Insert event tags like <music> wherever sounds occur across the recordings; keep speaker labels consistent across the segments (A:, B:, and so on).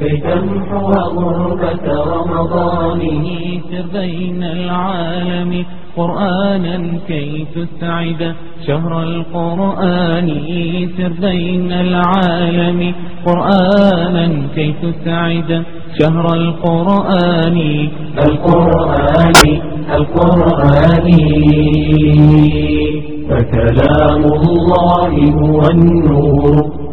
A: لتمحو غربة رمضانه تبين بين العالم قرآنا كي تسعد شهر القرآن سر بين العالم قرآنا كي تسعد شهر القرآن القرآن القرآن فكلام الله هو النور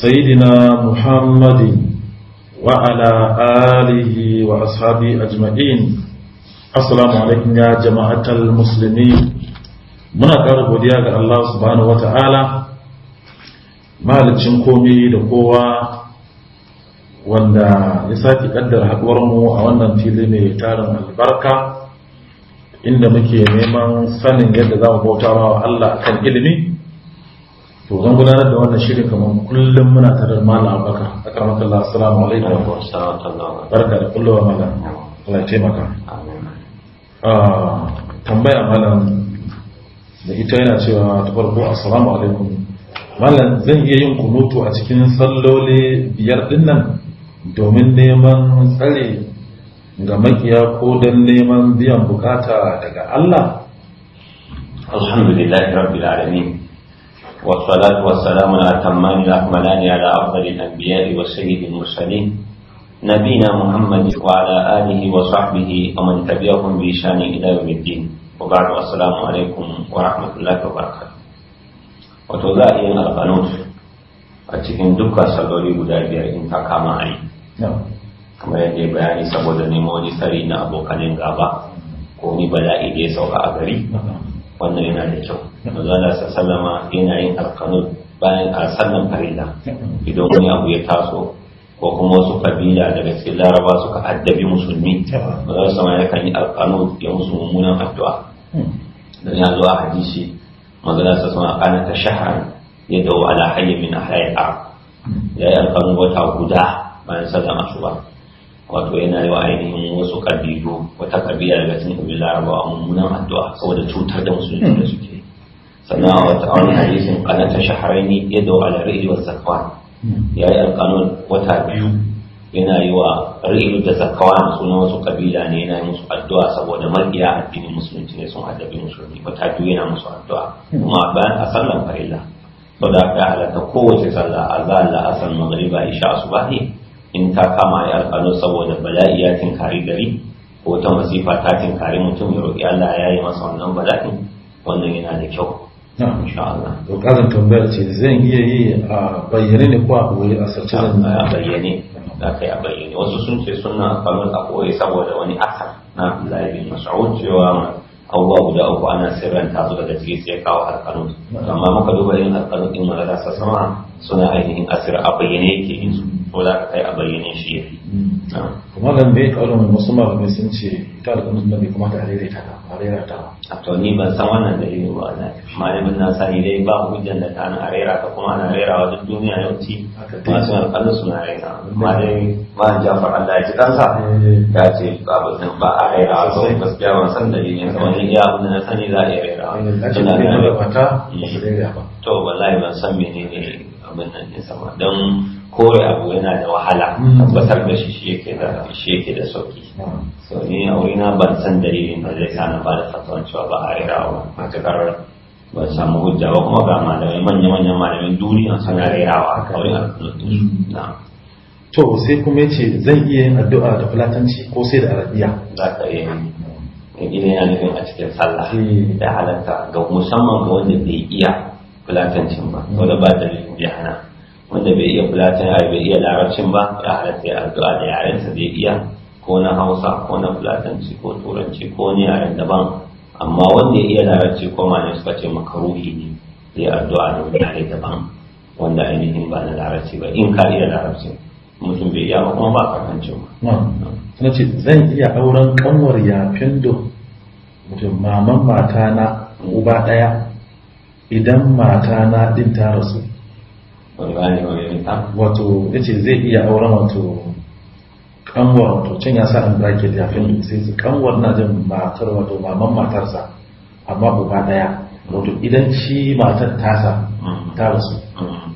B: سيدنا محمد وعلى آله وأصحابه أجمعين السلام عليكم يا جماعة المسلمين muna ƙara godiya ga Allah subhanahu wa ta'ala mahalicin komi da kowa wanda ya sake haɗuwar mu a wannan fili mai tarin albarka inda muke neman sanin yadda za mu bauta wa Allah kan ilimi to zan gudanar da wannan shirin kamar kullum muna tare da malam abakar akarmaka Allah assalamu alaikum barka da kullawa malam Allah ya taimaka ah, tambaya malam da ita yana cewa ta farko assalamu alaikum malam zan iya yin kunutu a cikin salloli biyar din nan domin neman tsare ga makiya ko don neman biyan bukata daga Allah
C: alhamdulillah rabbil alamin والصلاة والسلام الأتمان الأكملان على أفضل الأنبياء والسيد المرسلين نبينا محمد وعلى آله وصحبه ومن تبعهم بإشان إلى يوم الدين وبعد السلام عليكم ورحمة الله وبركاته وتوضائي القنوت أتكن دكا سلولي بدايبير إن تقام عين نعم. كما yadda بياني سبودني موجي سرين أبو na غابا كوني بلائي wani bala'i da wannan yana da kyau manzala sa sallama yana yin alkanun bayan a sallan farilla idan wani abu ya taso ko kuma wasu kabila daga cikin laraba suka addabi musulmi manzala sama ya kan yi alkanun ya musu mummunan addu'a dan ya zo a hadisi manzala sa sama kana ta shahar ya dawo ala hayy min ahya'i ya yi alkanun wata guda bayan sallan asuba wato yana yi wa ainihin wasu kabilu wata kabila daga cikin kabilu larabawa mummunan addu'a saboda cutar da musulmi da suke sannan a wata wani hadisin kanata shaharaini yadda wa alarihi wa Zakawa. ya yi alkanun wata biyu yana yi wa ri'u da zakawa sunan wasu kabila ne yana musu addu'a saboda makiya addinin musulunci ne sun addabi musulmi wata biyu yana musu addu'a kuma bayan a sallan farilla saboda ya halatta kowace sallah azan la asan magriba isha asubahi in ta kama ya alƙano saboda bala'i ya tinkari gari ko ta masifa ta tinkari mutum ya roƙi Allah ya yi masa wannan bala'i wannan yana da kyau insha Allah to kazan tambayar ce zan iya
B: yi a bayyane ne ko a koyi a sarce zan a
C: bayyane da kai a bayyane wasu sun ce suna kamar a koyi saboda wani asar na Abdullahi bin Mas'ud cewa abubuwa guda uku ana sirran ta zuwa da ciki sai kawo alƙalun amma muka duba yin alƙalun din mu da sama suna ainihin asir a bayyane yake yin su ko za ka kai a bayyane shi ya fi kuma hmm.
B: nan dai ƙaunar wasu malamai sun ce ita da kuma bai kamata a rera ta ba a ta ba
C: a to ni ban san wannan da yi ba na malamin na sani dai ba hujjan da ta a rera ta kuma ana rera wa duk duniya yawanci masu alƙalin suna rera ma dai ma jafar Allah ya ji kansa eh, eh, eh. ya ce abin nan ba a rera ba gaskiya ban san dalilin sa wani iya abin na sani za a rera tana da fata to wallahi ban san menene abin nan ɗinsa ba don kore abu yana da wahala mm. tabbatar da shi shi yake da shi yake da sauki mm. so ni a na ban san dalilin da zai sa na ba da fatawan cewa ba a rera wa matakar ban samu hujja ba kuma ga malamai manya manyan malamin duniya suna rerawa a wurin alkunutun
B: na to sai kuma yace zan iya yin addu'a da fulatanci ko sai da arabiya za ka iya
C: yi idan ya nufin a cikin sallah da eh. halatta ga musamman ga wanda bai iya fulatancin ba wanda ba dalilin da hana wanda bai iya fulatana bai iya larabcin ba ya halatta ya addu'a da yarensa zai iya ko na hausa ko na fulatanci ko turanci ko ni yaren daban amma wanda ya iya larabci ko ma ne suka ce makaruhi ne zai addu'a da wani yare daban wanda ainihin ba na larabci ba in ka iya larabci mutum bai iya ba kuma ba karkancin
B: ba. na ce zan iya auren kanwar yafin do mutum maman matana uba ɗaya idan matana din ta rasu wato ya ce zai iya auren wato kanwar wato can ya sa in bracket ya fin sai su kanwar na jin matar wato maman matarsa amma uba daya wato idan shi matar tasa mm-hmm. ta rasu mm-hmm.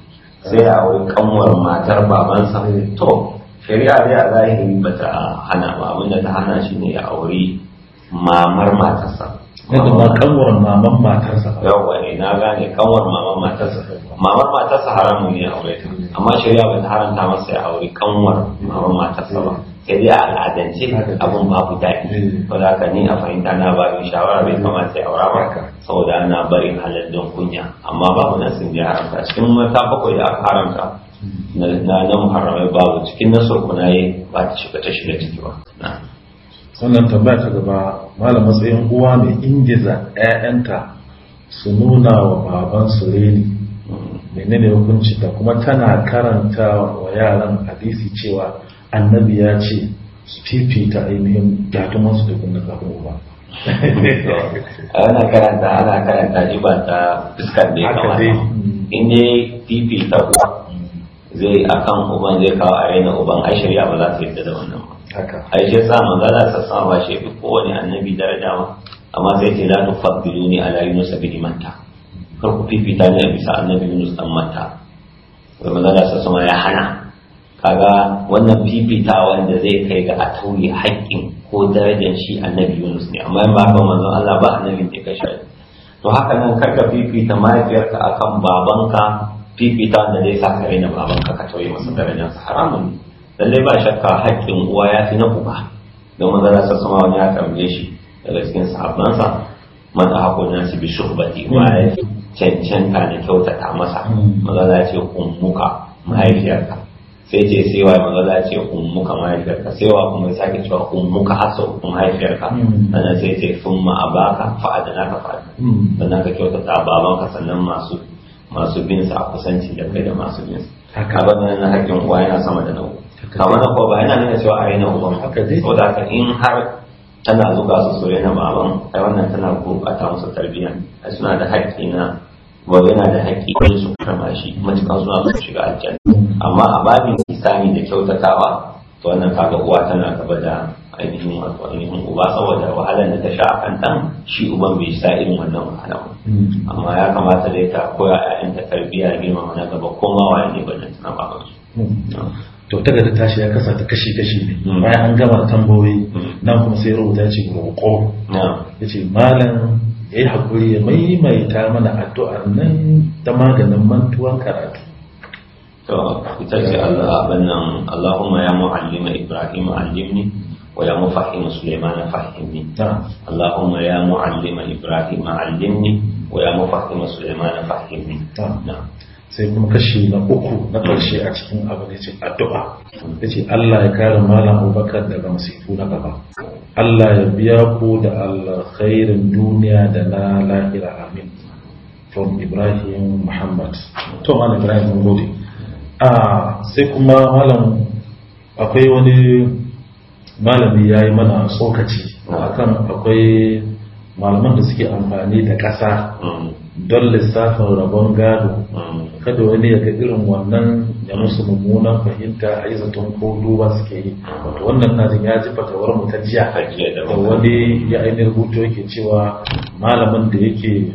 B: sai a wai kanwar
C: matar babansa eh. to shari'a dai a zahiri ba ta hana ba abinda ta hana shi ne ya aure mamar matarsa yadda ma
B: kanwar maman matarsa
C: yawa ne na gane kanwar maman matarsa mamar matarsa haramu ne aure amma shari'a ba haramta masa ya aure kanwar mamar matarsa ba sai dai a al'adance abin babu daɗi ko da haka ni a fahimta na ba in shawara bai kamata ya aura ba saboda ana barin halallin kunya amma babu nan sun je haramta cikin mata bakwai da aka haramta na na muharramai babu cikin na na yi ba ta shiga ta shiga ciki ba
B: sannan tambaya ta gaba malam matsayin uwa mai ingiza 'ya'yanta su nuna wa babansu reni menene ta kuma tana karanta wa yaran hadisi cewa annabi ya ce su fifita ainihin su dukkan na kafin uba
C: <laughs> ana karanta ana karanta ji ba ta fuskar da ya kamata in ne fifita uba zai akan uban zai kawo a raina uban a shirya ba za su yadda da wannan ba ai shi yasa za sa sama ba shi kowane annabi daraja amma sai ce za la tufaddiluni ala yunus bin manta kar ku fifita ni a bisa annabi yunus dan mata wai magana sa sama ya hana kaga wannan fifita wanda zai kai ga a tauye haƙƙin ko darajar shi annabi yunus ne amma ba haka manzon allah ba na ne ka shaɗi to haka nan kar ka fifita mahaifiyarka akan babanka fifita wanda zai sa ka na babanka ka tauye masa sa haramun ne lallai ba shakka haƙƙin uwa ya fi na uba don manzon sa sama wani ya tambaye shi daga cikin sa man a haƙo su bi shubati wa ya fi cancanta na kyautata masa hmm. magana ce ummuka mahaifiyarka sai ce sai wa magana ce ummuka mahaifiyarka sai wa kuma sake cewa ummuka hasa mahaifiyarka hmm. sannan sai ce sun ma'abaka na ka fa'adana hmm. sannan ka kyautata babanka sannan masu bin sa a kusanci da kai da masu bin sa abin nan na hakkin uwa yana sama da nau'u kamar na kowa ba yana nuna cewa a yi na ba. saboda in har tana zuga su soyayya na maman ai wannan tana bukata masa tarbiyya ai suna da haƙƙi na wa yana da haƙƙi ne su kama shi matuƙa suna su shiga aljanna amma a babin isani da kyautatawa to wannan kaga uwa tana gaba da ainihin wato ainihin uba saboda wahalar da ta sha a kan ɗan shi uban bai sa irin wannan wahalar mm. amma ya kamata dai ta koya 'ya'yanta tarbiyya girmama na gaba komawa ne ba da tana babansu
B: to ta gada tashi ya kasa ta kashi-kashi ne mm. bayan an gama tambayoyi mm. nan kuma sai rubuta ya ce roƙo mm. ya ce malam ya yi haƙuri ya maimaita mana addu'ar nan ta maganin mantuwan karatu to ita
C: ce Allah abinnan Allahumma ya mu'allima Ibrahim allimni wa ya mufahhima Sulaiman fahimni Allahumma ya mu'allima Ibrahim allimni wa ya
B: mufahhima Sulaiman fahimni sai kuma kashi na uku na karshe a cikin abu da ce addu'a da ce Allah ya kare malam abubakar daga masifu na gaba Allah ya biya ku da alkhairin duniya da na lahira amin from ibrahim muhammad to malam ibrahim gode a sai kuma malam akwai wani malami ya yi mana tsokaci kan akwai malaman da suke amfani da ƙasa don lissafin rabon gado kada wani ya irin wannan ya musu mummunan fahimta a yi zaton ko duba suke yi wato wannan najin ya ji fatawar mu ta jiya da wani ya ainihin rubuto yake cewa malamin da yake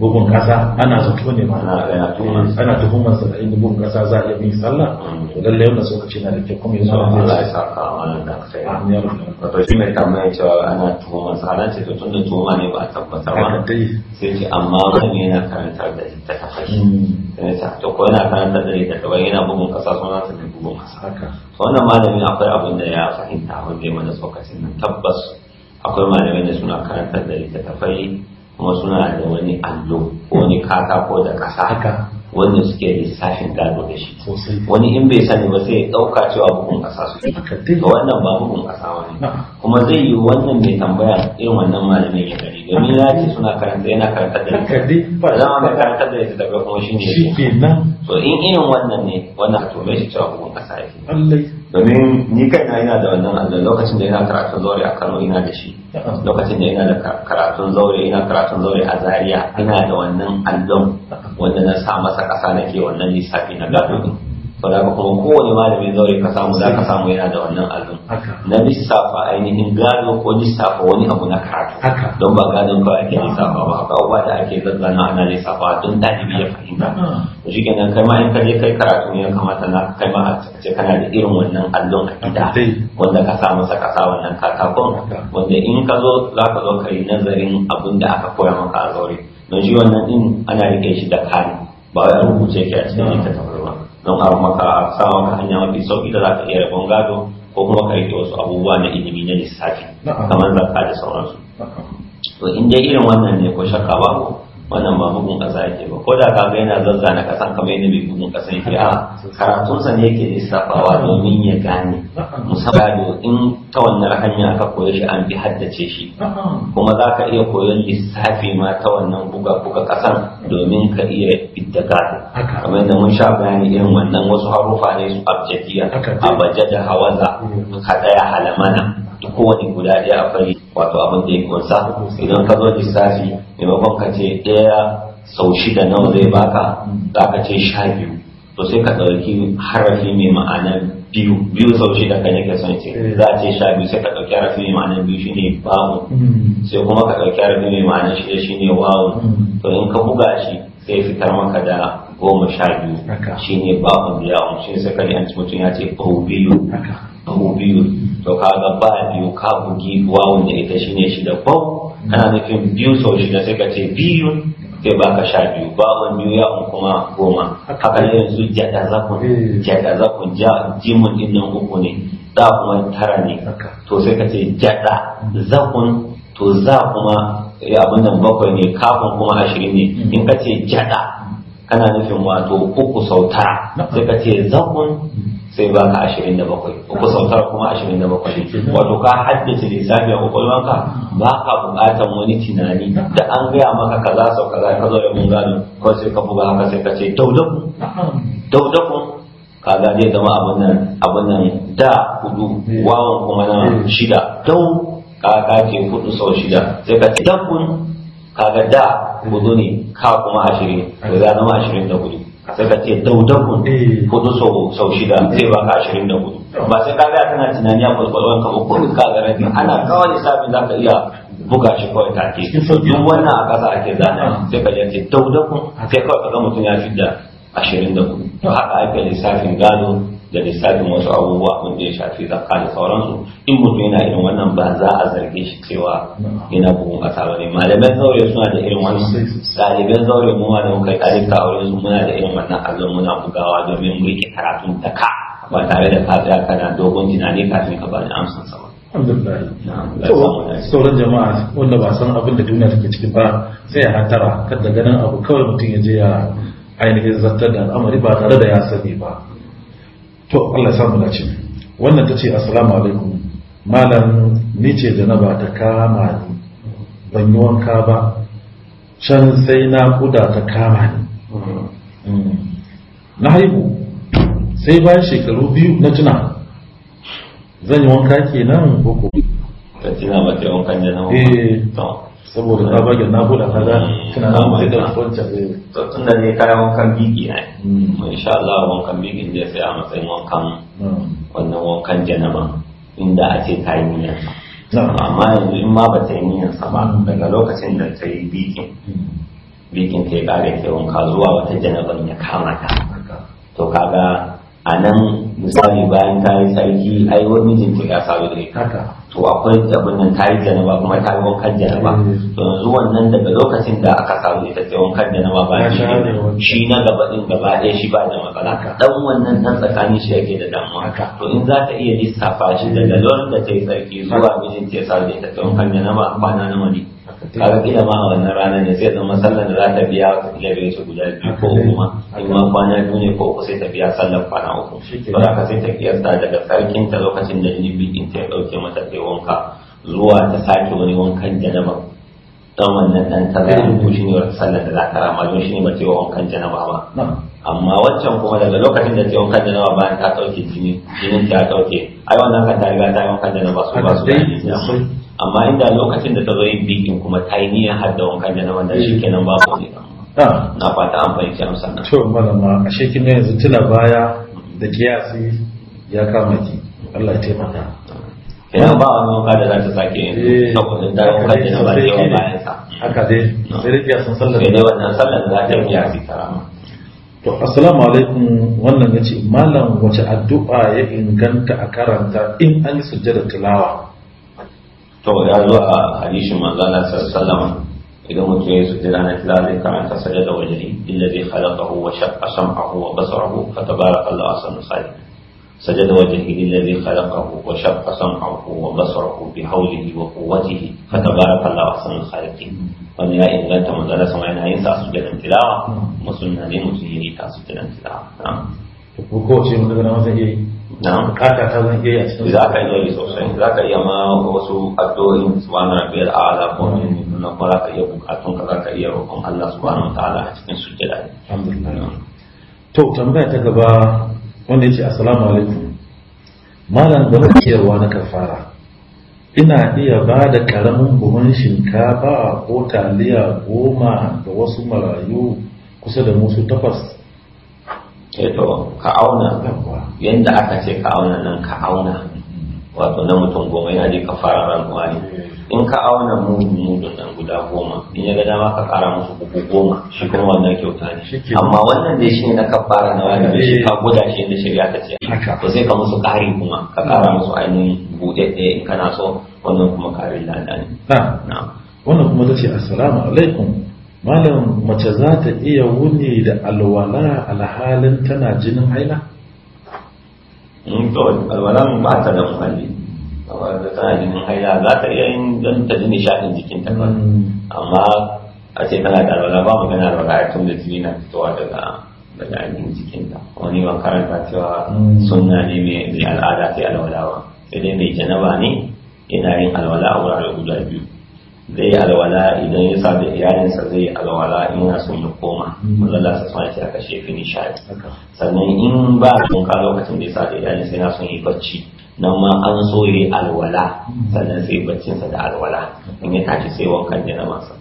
B: bugun kasa ana zato ne ma ana tuhumar sa da inda bugun kasa za a iya bin sallah to lalle wannan kace na da kyau kuma yanzu Allah ya saka wannan da kai amin to shi mai tambayar
C: cewa ana tuhumar sa ana ce to tunda tuhuma ne ba a tabbatar ba sai ce amma kan yana karanta da ta kafa hmm. sai ta to ko yana karanta da ta kafa yana bugun kasa sunan sa ne bugun kasa to wannan malamin akwai abin da ya fahimta wanda ya mana tsokacin nan tabbas akwai malamin da suna karanta da ta littattafai kuma suna da wani allo wani katako da ƙasa wanda suke lissafin gado da shi wani in bai sani ba sai ya ɗauka cewa bugun ƙasa su Ka wannan ba bugun ƙasa wani kuma zai yi wannan mai tambaya irin wannan malamin ya gari domin ya suna karanta yana karanta da littafi ba za karanta da kuma shi ne to in irin wannan ne wannan tome shi cewa hukun kasa yake domin ni kai kaina yana da wannan allah lokacin da yana karatun zaure a kano ina da shi lokacin da yana da karatun zaure ina karatun zaure a zaria ina da wannan allon wanda na sa masa kasa nake wannan lissafi na gado ba ka kuma kowane malami zaure ka samu za ka samu yana da wannan abin na lissafa ainihin gado ko lissafa wani abu na karatu don ba gado ba ake lissafa ba haka ba da ake zazzana ana lissafa don ɗalibi ya fahimta shi kenan kai ma in ka je kai karatu ne ya kamata na kai ma a ce kana da irin wannan allon a gida wanda ka sa masa kasa sa wannan katakon wanda in ka zo za ka zo kai nazarin abin da aka koya maka a zaure don shi wannan din ana rike shi da kari ba wai an rubuce ke a cikin littattafa don har maka sawa ka hanya mafi sauki da za ka iya rabon gado ko kuma ka rike wasu abubuwa na ilimi na lissafi kamar zakka da sauransu to in dai irin wannan ne ko shakka ko wannan ba bugun ƙasa yake ba ko da ka ga yana zazza na ƙasan kamar yadda mai bugun ƙasa yake a karatunsa ne yake lissafawa domin ya gane musamman in ta wannan hanya ka koya shi an bi haddace shi kuma za ka iya koyon lissafi ma ta wannan buga buga kasan domin ka iya bidda gado kamar yadda mun sha bayani irin wannan wasu harufa ne su abjadiya abajada hawaza mm. ka tsaya halamana kowane guda ɗaya a fari wato abin da ya kunsa idan ka zo lissafi maimakon ka ce ɗaya sau shida nawa zai baka za ka ce sha biyu to sai ka ɗauki harafi mai ma'ana biyu biyu sau shida kan yake son ce eh. za a ce sha biyu sai ka ɗauki harafi mai ma'ana biyu shine bamu hmm. sai kuma ka ɗauki harafi mai ma'ana shida shine wawu hmm. to in ka buga shi sai fitar maka da goma sha biyu shine bawun da yawon shi sai ka ji an ci mutum ya ce bawu biyu bawu biyu to kaga ba biyu ka bugi wawun da ita shine shida bau Kana nufin biyu sau shida sai ka ce biyu sai ba ka sha biyu ba wani biyu ya un kuma goma haka ne yanzu jada zakun jada eh. zakun ja jimun din nan uku ne da kuma tara ne to sai ka ce jada zakun to za kuma eh, abin nan bakwai ne kafin kuma ashirin ne hmm. in ka ce jada kana nufin wato uku sau tara sai ka ce zakun sai ba ka ashirin da bakwai uku sautar kuma ashirin da bakwai wato ka haddace lissafi a kwakwalwanka ba ka buƙatar wani tunani da an gaya maka kaza sau kaza ka zo da mun gano ko sai ka buga haka sai ka ce daudakun daudakun kaga zai zama abin nan abin nan da hudu wawan kuma na shida dau kaga ce hudu sau shida sai ka ce dakun kaga da hudu ne ka kuma ashirin to ya zama ashirin da hudu sai ka ce daudakun eh. hudu sau shida zai ba ka ashirin da hudu ba sai ka gaya tana tunani a kwakwalwar ka uku ka ga rabi ana kawai lissafin za ka iya buga shi kawai ta ke duk wannan a ƙasa ake zana sai ka ce daudakun sai kawai ka ga mutum ya fi da ashirin da hudu to haka ake lissafin gado da lissafin wasu abubuwa wanda ya shafi zakka da sauransu in mutum yana irin wannan ba za a zarge shi cewa yana bugun kasa ba ne malaman zaure suna da irin wannan ɗaliban zaure mu da muka ɗalibta a wurin su muna da irin wannan azon muna bugawa domin mu karatun da ka ba tare da ka tsaya kana dogon tunani kafin ka bani amsan sama.
B: Sauran jama'a wanda ba san abin da duniya take ciki ba sai ya hatara kada ganin abu kawai mutum ya je ya ainihin zartar da al'amari ba tare da ya sani ba. to Allah samu dace wannan ce assalamu alaikum malam ni ce ba ta kama ni ban yi wanka ba can sai na kuda ta kama ni mm. na haihu sai bayan shekaru biyu na tuna zan yi wanka kenan ko ko ta tuna ba wankan janaba eh saboda ta bage na bude ta za na da
C: wancan zai hmm. to da zai kaya wankan biki ne insha Allah wankan bigi ne sai a matsayin wankan hmm. wannan wankan janaba inda a ce ta yi niyyar amma yanzu in ma ba ta yi niyyar ba hmm. daga lokacin da ta yi bikin bikin ta ya kare ke wanka zuwa wata janaban ya kama ta to kaga a nan misali bayan ta yi sarki ai wani mijinta ya sami da to akwai abin nan ta yi janaba kuma ta yi wankan janaba eh. to yanzu wannan daga lokacin da aka samu ita ta wankan janaba ba shi shi na gaba din gaba ɗaya shi ba da matsala dan wannan dan tsakanin shi yake da damuwa to in za ta iya lissafa shi daga lokacin da ta yi sarki zuwa mijinta ya sami da ita ta wankan janaba ba na nawa ne kaga kila ma a wannan ranar ne sai zama sallar da za ta biya kila bai su guda biyu ko kuma in ma kwana biyu ne ko uku sai ta biya sallar kwana uku to za ka sai ta kiyasta daga sarkin ta lokacin da ni in ta dauke mata kai wanka zuwa ta sake wani wankan janaba dan wannan dan ta zai rubu shi ne wata sallar da za ta rama don shi ne ba ta wa wankan janaba ba amma waccan kuma daga lokacin da ta yi wankan janaba bayan ta dauke jini jinin ta dauke ai wannan kan ta riga ta yi wankan janaba su ba su da amma inda lokacin da ta zo yin bikin kuma ta yi niyyar har da wankan janaban da shi kenan ba ku nema na fata an fahimci amsa na
B: to malama a shekin ne yanzu tuna baya da kiyasi ya kama ki Allah ya taimaka ina
C: ba wani wanka da za ta sake yin eh. saboda ta da wankan ba da ba bayan sa haka dai sai da kiyasin sallar da wannan sallar za ta yi
B: kiyasi ta rama to assalamu alaikum wannan yace malam wace addu'a ya inganta a karanta in an yi sujjada tilawa
C: to ya zo a hadisin manzala sallama idan mutum ya sujjada na tila zai karanta sajada wajiri illa zai khalaqahu wa shaqqa sam'ahu wa basarahu fa tabarakallahu ahsanu khaliq sajada wajhi illa zai khalaqahu wa shaqqa sam'ahu wa basarahu bi hawlihi wa quwwatihi fa tabarakallahu ahsanu wannan ya inganta manzala sama yana yin sa sujjadan tilawa musulmi ne mutum ya yi ta sujjadan tilawa
B: ko ce masa
C: bukata ta zan iya cikin za ka iya sosai za ka iya ma wasu addu'o'in subhanahu a a'la ko min nuna ko za ka iya bukatun ka za ka iya roƙon Allah subhanahu
B: wa ta'ala a cikin sujjada alhamdulillah to tambaya ta gaba wanda ya ce assalamu alaikum malam da ciyarwa na kafara ina iya ba da karamin buhun shinkafa ko taliya goma da wasu marayu kusa da musu takwas
C: eto eh, ka auna yadda aka ce ka auna nan ka auna wato na mutum goma yana je ka fara rantsuwa ne eh. in ka auna mu da nan guda goma in ya ga dama ka kara musu uku goma shi kuma wannan kyauta ne amma wannan dai shine na kafara na wani shi eh. ka guda shi da shari'a ta ce to sai ka musu kari kuma ka kara hmm. musu ainihin bude ɗaya in kana so wannan kuma
B: karin lada ne wannan kuma ta assalamu alaikum malam mace za ta iya wuni da alwala alhalin tana jinin haila?
C: Mm, to alwalan ba ta da muhalli da tana jinin haila za ta iya yin don ta ji nishaɗin jikinta ta mm. amma a ce tana da alwala ba magana da ya tun da jini na fitowa daga daga jikin jikinta wani ban karanta cewa mm. sunna ne mai al'ada ta alwala ba sai dai mai janaba ne yana yin alwala a wurare guda biyu zai yi alwala idan ya sa da iyalinsa zai yi alwala in yana son ya koma mazalla su suna ce a kashe fi nishadi sannan in ba tunka lokacin da ya sa da iyalinsa yana son yi bacci nan ma an so yi alwala sannan sai baccinsa da alwala in ya tashi sai wankan janabansa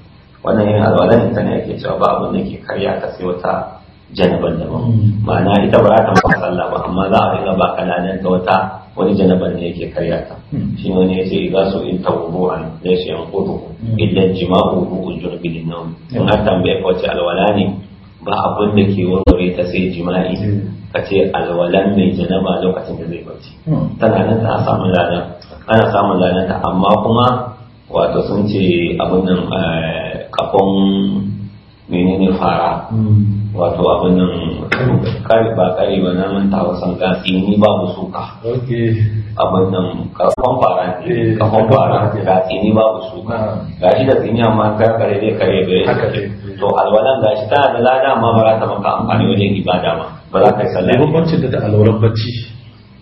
C: wannan yin alwalan ta ne ake cewa ba abin da ke karya ta sai wata janaban daban ma'ana ita ba za ta maka sallah ba amma za a yi ba kananan ta wata wani janaban ne yake karya ta hmm. shi wani ya ce za su in ta wuru'an ne su yan kudu hmm. idan jima'u ru'un na nan in an tambaye wace alwala ne ba abin da ke warware ta sai jima'i hmm. ka ce alwalan mai janaba lokacin da zai barci tana nan ta samun lana ana samun lana ta amma kuma wato sun ce abin nan eh, kafin menene fara hmm. wato abin nan kare ba kare ba na manta wasan gatsi ni babu suka abin nan kafan fara ne eh, fara gatsi ni babu suka ah. gashi da tsini amma kare kare ne kare bai to alwalan gashi tana da lada amma ba za ta maka amfani wajen ibada ba ba za ka yi sallah ne bambanci
B: da alwalan bacci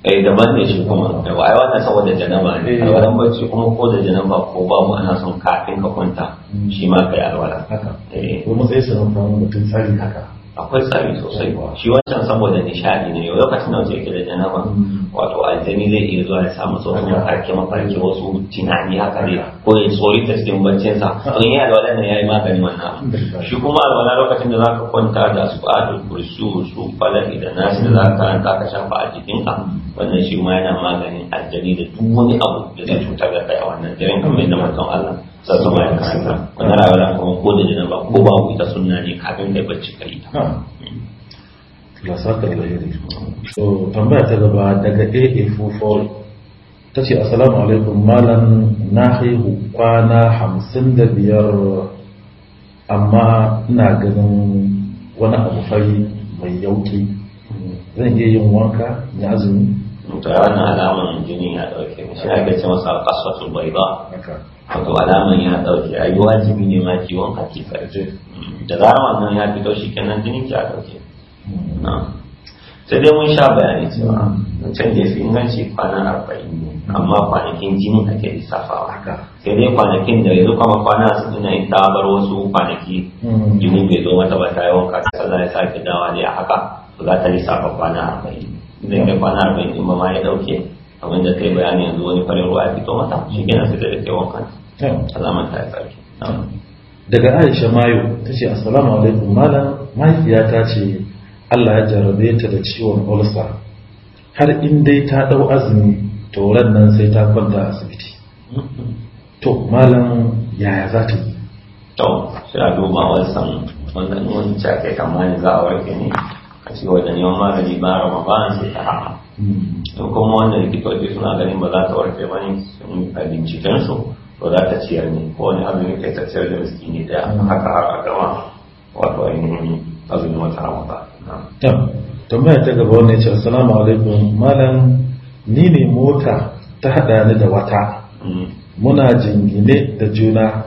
C: eh daban ne shi kuma da ai wannan saboda janaba ne eh. alwalan bacci kuma ko da janaba ko ba mu ana son kafin ka kwanta hmm. shi ma kai alwala haka eh kuma
B: sai sanan mutum tsari haka
C: akwai tsari sosai shi wancan saboda nishadi ne lokacin da wajen kira janaba mm. wato aljani zai iya zuwa ya samu sauran mafarki mafarki wasu tunani haka dai ko ya tsori ta cikin baccin sa in ya alwala ne yi magani wannan shi kuma alwala lokacin da zaka kwanta da su adul kursu su falaki da nasi da zaka karanta ka shafa a jikin ka wannan shi ma yana maganin aljani da duk wani abu da zai cutar da kai a wannan jirin kamar yadda manzon Allah sa sama ya karanta wani rawar kuma ko da jana ba ko babu ita sunna ne
B: kafin da bacci ka yi ta lasakar da yare so tambaya ta gaba daga aa44 ta ce assalamu alaikum malam na haihu kwana hamsin da biyar amma ina ganin wani abu fari mai yauki zan iya yin wanka ya azumi to da wannan alaman
C: jini ya dauke shi ake ce masa alƙasatul ba wato alaman ya dauke a yi wajibi ne ma kiwon ke karfe da zarar wannan ya fito shi kenan jinin ki a ɗauke sai dai mun sha bayani cewa can da fi inganci kwana arba'in ne amma kwanakin jini ake lissafawa sai dai kwanakin da yanzu kuma kwana su suna yin tabar wasu kwanaki hmm. jini bai zo mata ba ta yi wanka ta ya sake dawa ne a haka za ta lissafa kwana arba'in zai kai kwana arba'in ɗin ba ma ya dauke. abin da kai bayani yanzu wani farin ruwa ya fito mata shi gina su da rike wankan
B: alaman ta ya sarki. daga aisha mayo ta ce assalamu alaikum malam ta ce allah ya jarabe ta da ciwon ulsa har in dai ta dau azumi to nan sai ta kwanta asibiti to malam yaya za ta yi to shi a duba wasan
C: wannan wani cakai kamar za a warke ne a ce wajen yawan magani ba ramadan sai ta haka to kuma wanda likitoci suna ganin ba za ta warke ba ne sun a bincikensu ba za ta ciyar ne ko wani ne kai ta ciyar da ne da haka har gama wato ainihin azumin wata ramata
B: mai ta gaba wannan ce assalamu alaikum malam ni ne mota ta hada ni da wata mm. muna jingine da juna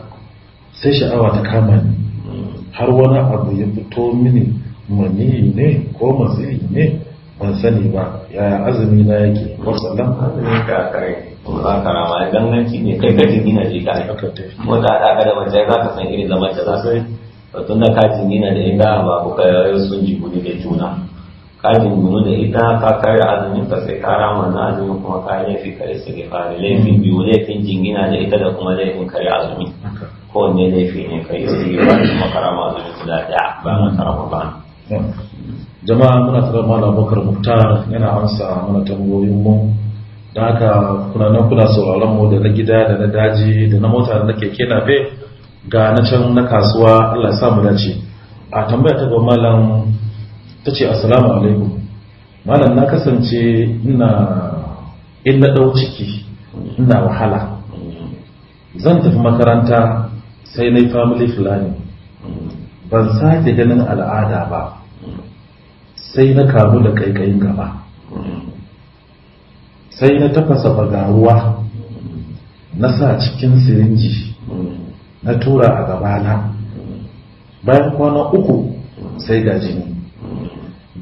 B: sai sha'awa ta kama ni mm. har wani abu ya fito mini mani ne ko mazi ne ban sani ba yaya azumi na yake wasallam azumi ka kare ba ka rama dan nan ne kai ka gina
C: je ka mu da da ka da mace za ka san irin zaman da za ka yi tun da ka ji gina da ita ba ku kai yau sun ji gudu da juna ka ji gudu da ita ka kare azumin ka sai ka rama na azumin kuma ka yi laifi kare su ke fara laifin biyu laifin jingina da ita da kuma laifin kare azumi kowanne laifi ne kai su yi ba kuma karama azumin su da ɗaya
B: ba na karama ba. jama'a muna tsara mana bakar muktar yana amsa mana tambayoyin mu da haka kuna nan kuna sauraron mu da na gida da na daji da na mota da na keke na ga na can na kasuwa Allah ya sa mu dace a tambaya ta ga malam tace assalamu alaikum malam na kasance ina in na dau ciki ina wahala zan tafi makaranta sai na yi family planning ban sake ganin al'ada ba sai na kamu da kaikayin gaba sai na tafasa bagaruwa na sa cikin sirinji na tura a gabana bayan kwana uku sai ga jini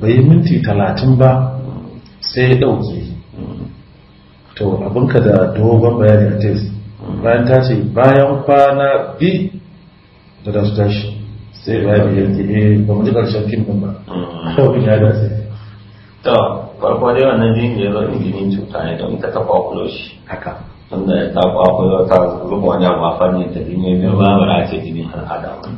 B: bai yi minti talatin ba sai ya ɗauke to abinka da dogon bayani a bayan ta ce bayan kwana bi da dasu tashi sai ba ya ce eh ba mu ji karshen fim din ah. ya da sai to
C: farko dai wannan jini ya zo injinin cuta ne don ta kafa kulo shi haka wanda ya ta kwakwalo ta zuwa wani abu a fannin ta jini ba babara ce jinin al'ada wani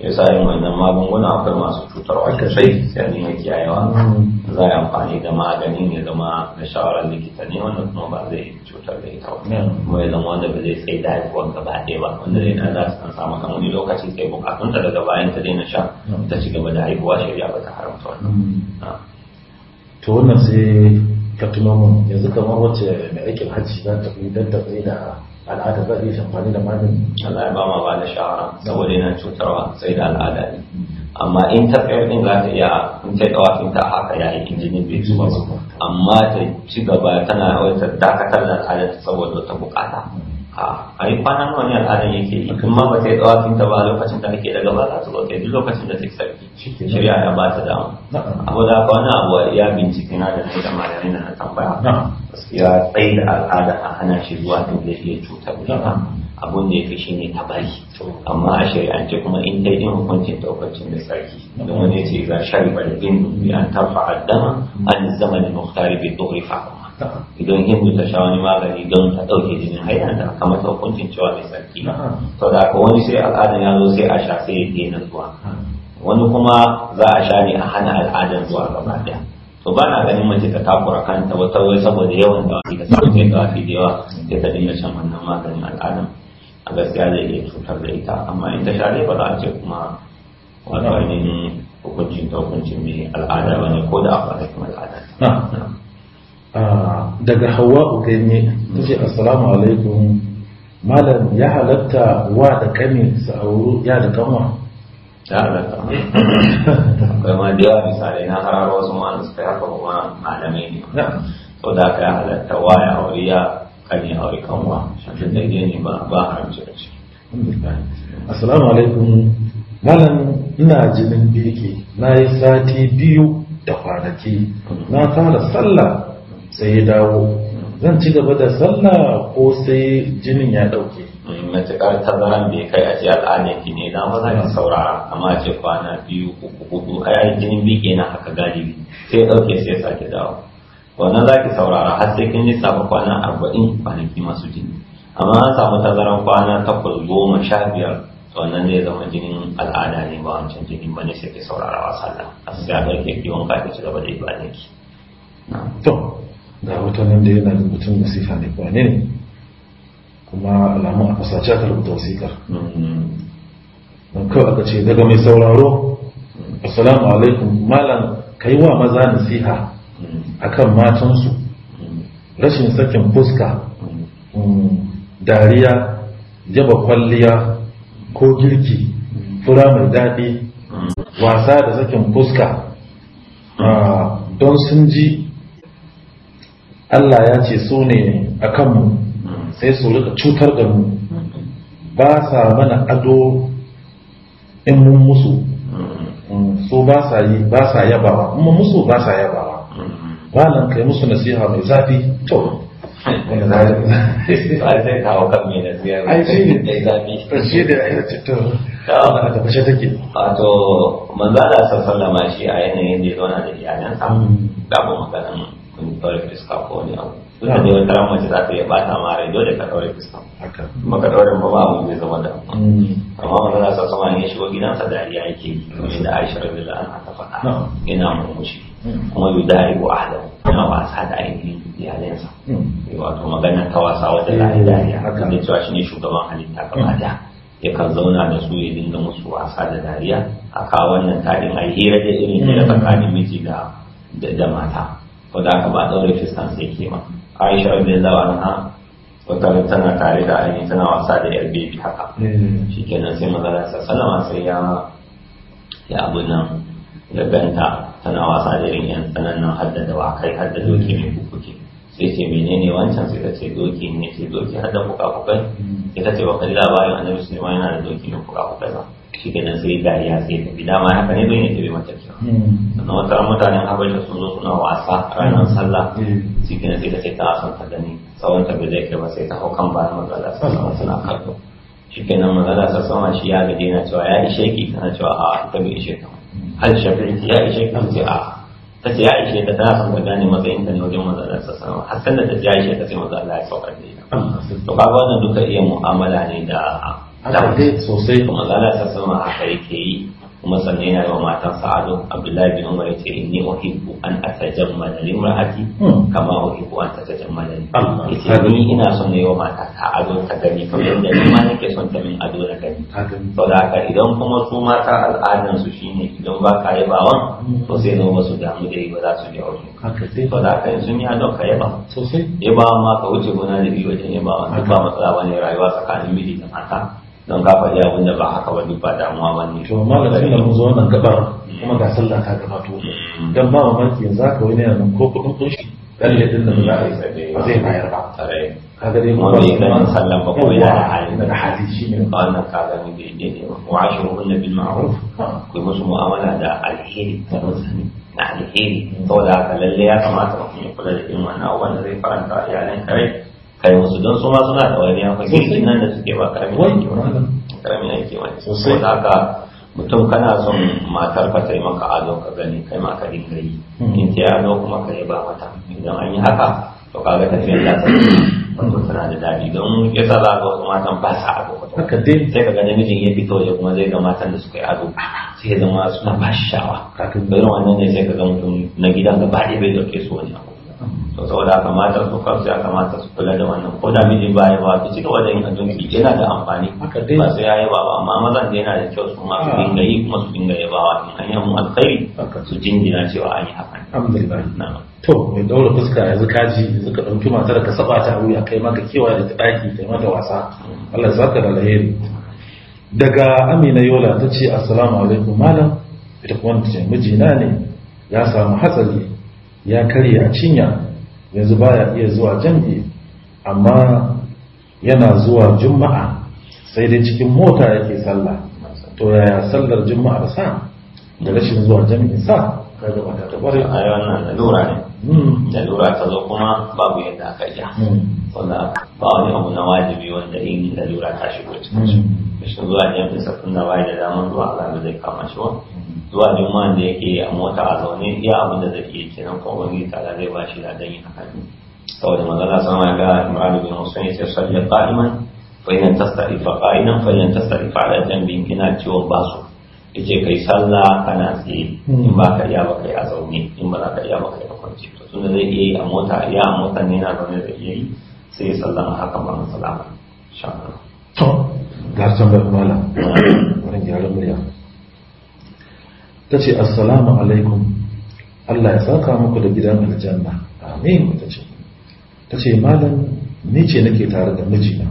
C: yasa yin wannan magunguna akwai masu cutar sosai sai ne ya kiyayewa mm. za a amfani da maganin ya zama na shawarar likita ne wanda kuma ba zai cutar da ita kuma ya zama wanda ba zai tsaye da haihuwar gaba ɗaya ba wanda zai na za su san samu kan wani lokaci sai bukatunta daga bayan ta daina sha mm. ta ci gaba da haihuwa shirya ba ta haramta wannan mm. ah.
B: to wannan sai ka yanzu kamar wacce mai aikin hajji za ta fi dan da al'adar ba zai iya da magani
C: Allah ya ba ma ba da shahara, saboda yana cutarwa sai da al'ada ne hmm. amma in ta tsayar din za ta iya in ta dawa in ta haka yi injinin bai zuwa ba amma ta ci gaba tana wata dakatar da al'ada saboda ta bukata hmm. a yi kwanan wani al'adar yake yi in ma ba ta yi tsawafin ta ba lokacin da ake daga gaba za ta zo ta duk lokacin da ta yi sarki shirya ya ba ta damu abu da ka wani abu ya bincike na da da malami na na tambaya ya tsaye da al'ada a hana shi zuwa din zai iya cutar da abun da ya fi shi ne ta bari amma a shari'ance kuma in dai in hukuncin daukacin da sarki don wani ce za shari ba da bin bi an tafa addama an zama da muhtari bi dori idan hindu ta sha wani magani don ta ɗauke jinin haila da kamar ta hukuncin cewa mai sarki to da ka wani sai al'adun ya zo sai a sha sai ya daina zuwa wani kuma za a sha ne a hana al'adan zuwa gaba daya to ba na ganin mace ta takura kanta wata wai saboda yawan da wani da samun da da yawa ya ta dinga shan wannan maganin al'adan a gaskiya zai iya cutar da ita amma in ta sha dai ba za a ce kuma wani hukuncin ta hukuncin mai al'ada ba ko da a kwanakin
B: al'ada. Ah, daga hawa'u ganye ta ce assalamu alaikum malam ya halatta wa da kame su auru ya da kanwa ya halatta
C: kai ma yawa misali na hararo wasu ma'ana suka haka kuma malamai ne sau da aka ya halatta wa ya auri ya ya auri kanwa shafin da gini ba
B: ba haramci da shi assalamu alaikum malam ina jinin birki na yi sati biyu da kwanaki na fara sallah sai ya dawo zan ci gaba da sallah ko sai jinin ya ɗauke matuƙar tazaran bai kai a ce al'ada ki ne na maza ne saurara amma a ce kwana
C: biyu uku hudu a yayin jinin bi kenan haka galibi sai dauke sai sake dawo wannan za ki saurara har sai kin sabon kwana arba'in kwanaki masu jini amma an samu tazaran kwana takwas goma sha biyar wannan zai zama jinin al'ada ne ba wancan jinin ba ne sai ki saurara wa sallah a sai a ɗauke ki wanka ki ci gaba da ibadanki.
B: to da wata nan da yana rubutun wasiƙa ne ba ne kuma alamun a fasace ta rubuta wasiƙar don kawai aka ce daga mai sauraro assalamu alaikum malam kai wa maza nasiha A kan matansu rashin sakin fuska dariya jaba kwalliya ko girki fura mai daɗi wasa da sakin fuska ah, don sun ji Allah ya ce su ne a kanmu sai su rika cutar da mu ba sa mana ado in mun musu so ba sa yi ba sa yabawa mun musu ba sa yabawa ba nan kai musu nasiha mai zafi to
C: zai kawo kan mai nasiha mai zafi shi da ya ce to a tabbashe take a to manzala sallama shi a yanayin da ya zauna da iyalansa mm. babu magana ɗaure fuska ko wani abu duk da wata ran mace za ta iya bata ma rai dole ka ɗaure fuska kuma ka ɗaure ba ba abu zama da amma wanda za su sama shigo gidansa dariya yake yi kamar da aisha rabi da ana murmushi kuma bai dari ko ahlam yana wasa da ainihin iyalensa wato magana ta wasa wadda za a dariya da cewa shi ne shugaban halitta gaba daya yakan zauna da su ya dinga musu wasa da dariya a kawo wannan tarin a hira da irin da tsakanin miji da da mata ko da aka ba daure fiskan sai ke aisha ibn zawa na wata tana tare da ainihin tana wasa da yar bebi haka mm. shi nan sai magana sa salama sai ya ya abu nan da ganta tana wasa da irin yan tsananin hadda da wakai hadda doki mai kukuke sai ce menene wancan sai ta ce doki ne sai doki haddada kuka kukai mm. sai ta ce ba labarin annabi sulaiman yana da doki mai kuka kukai ba shi da nan sai dariya sai tafi dama haka ne bai ne tafi mata kyau hmm. sannan wata mutanen habasha sun zo suna wasa ranar hmm. sallah hmm. shi nan sai ta sai ta son ta gani tsawon ta bai zai kai ba sai ta hau kan bayan mazala sassan suna kallo shi kenan mazala sassan shi ya gaje na cewa ya ishe ki tana cewa a ta bi ishe ka hal shafi'i ya ishe ka sai a ta ce ya ishe ta tana son ta gane matsayin ta ne wajen mazala sassan har sanda ta ce ya ishe ta sai mazala ya saukar da ita to kaga wannan duka iya mu'amala ne da sosai kuma Allah ta sama haka yake yi kuma sannan yana yi wa matan sa'adu abdullahi bin umar yace inni uhibbu an atajammala li imraati hmm. kama uhibbu an tatajammala li yace ni ina son ne wa mata ta ado ta gani kamar da ni ma nake son ta min ado na gani to da haka idan kuma su mata al'adan su shine idan ba ka yi yabawan hmm. to sai zama ba su damu da yi ba za su yi aure to da haka sun yi adon ka yaba Sosai. yaba ma ka wuce gona da biyu wajen yaba duk ba matsala bane rayuwa tsakanin miji da mata don ka faɗi abin da ba haka ba duk ba damuwa ba ne. to amma ga tunda mun zo nan gabar
B: kuma ga sallah ta to dan ba mu mamaki yanzu ka wani yana ko kuɗin kunshi lalle din da za a yi ba zai bayar ba
C: tare ka ga dai mun yi kan sallan ba ko ya hali daga hali shi ne ba wannan ka ga ni yake ne wa ashiruhun bil ma'ruf ku yi musu mu'amala da alheri ta musani na alheri saboda haka lalle ya kamata mutum ya kula da irin wannan abubuwan da zai faranta iyalan kare kai musu don su ma suna ɗawainiya fa girgin nan da suke ba karamin aiki wani karamin aiki wani sosai ka mutum kana son matar ka ta yi maka ado ka gani kai ma ka yi hmm. in ta yi ado kuma ka yi ba mata idan an yi haka to ga tafiya da ta wato tana da daɗi don ya sa za ga wasu matan ba sa ado haka dai sai ka gani mijin ya fito ya kuma zai ga matan da suka yi ado sai ya zama suna ba shi shawa kafin bayan wannan ne sai ka ga mutum na gidan ba ɗaya bai ɗauke su wani abu to saboda kamata su kansu ya kamata su kula da wannan ko da miji ba ya ba ki cika wajen yin adunki yana da amfani ba sai ya yi ba ba amma mazan da yana da kyau su ma su dinga yi kuma su dinga wa in an yi mu alkhairi su jinjina cewa an yi haka
B: to mai daura fuska yanzu kaji yanzu ka ɗauki matar ka saba ta wuya kai maka kewa da ta ɗaki kai mata wasa Allah zaka da alheri daga Amina Yola ta ce assalamu alaikum malam ita kuma ta ce mijina ne ya samu hatsari ya karya cinya yanzu baya iya zuwa jam'i amma yana zuwa juma'a sai dai cikin mota yake sallah to yaya sallar da sa da rashin zuwa jam'i sa kaga ba ta bari a yawan da lura ne da hmm. lura
C: ta zo kuma babu yadda aka yi hmm. wanda ba wani abu na wajibi wanda in da lura ta shigo cikin shi hmm. rashin zuwa jam'i sa tun da bai da daman zuwa alamu zai kama shi wa zuwa juma'an da yake a mota a zaune ya abu da zai iya kenan ko wani da zai ba shi da dan yin haka ne saboda manzala sama ga Imran bin Husayn sai salli qa'iman fa in tastarifa qa'iman fa in tastarifa ala janbin ina ba su yace kai sallah kana tsaye in ba ka iya ba kai a zaune in ba ka iya ba kai a kwance to tunda zai iya yi a mota ya a mota ne na zaune zai iya yi sai ya sallama haka ba salama insha Allah to
B: garsan da kuma la wannan gyaran murya ta ce assalamu alaikum Allah ya saka muku da gidan aljanna amin ta ce ta ce malam ni ce nake tare da mijina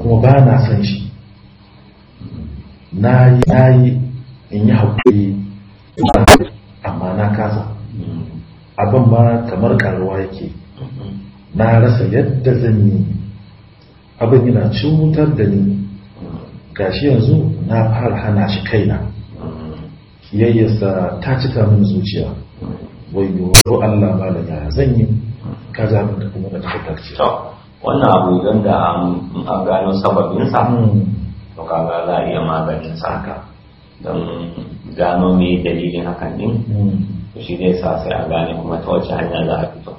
B: kuma ba na san shi na yi na yi in yi haƙuri amma na kasa abin ma kamar karuwa yake na rasa yadda zan yi abin yana cutar da ni gashi yanzu na fara hana shi kaina yayyasa ta cika min zuciya wai yoro Allah ba da zan yi ka za mu kuma da ta to wannan abu don da an gano sa
C: hmm. to kaga za a iya maganin sa haka don gano me dalilin hakan din hmm. shi zai sa sai a gane kuma ta wace hanya za a fito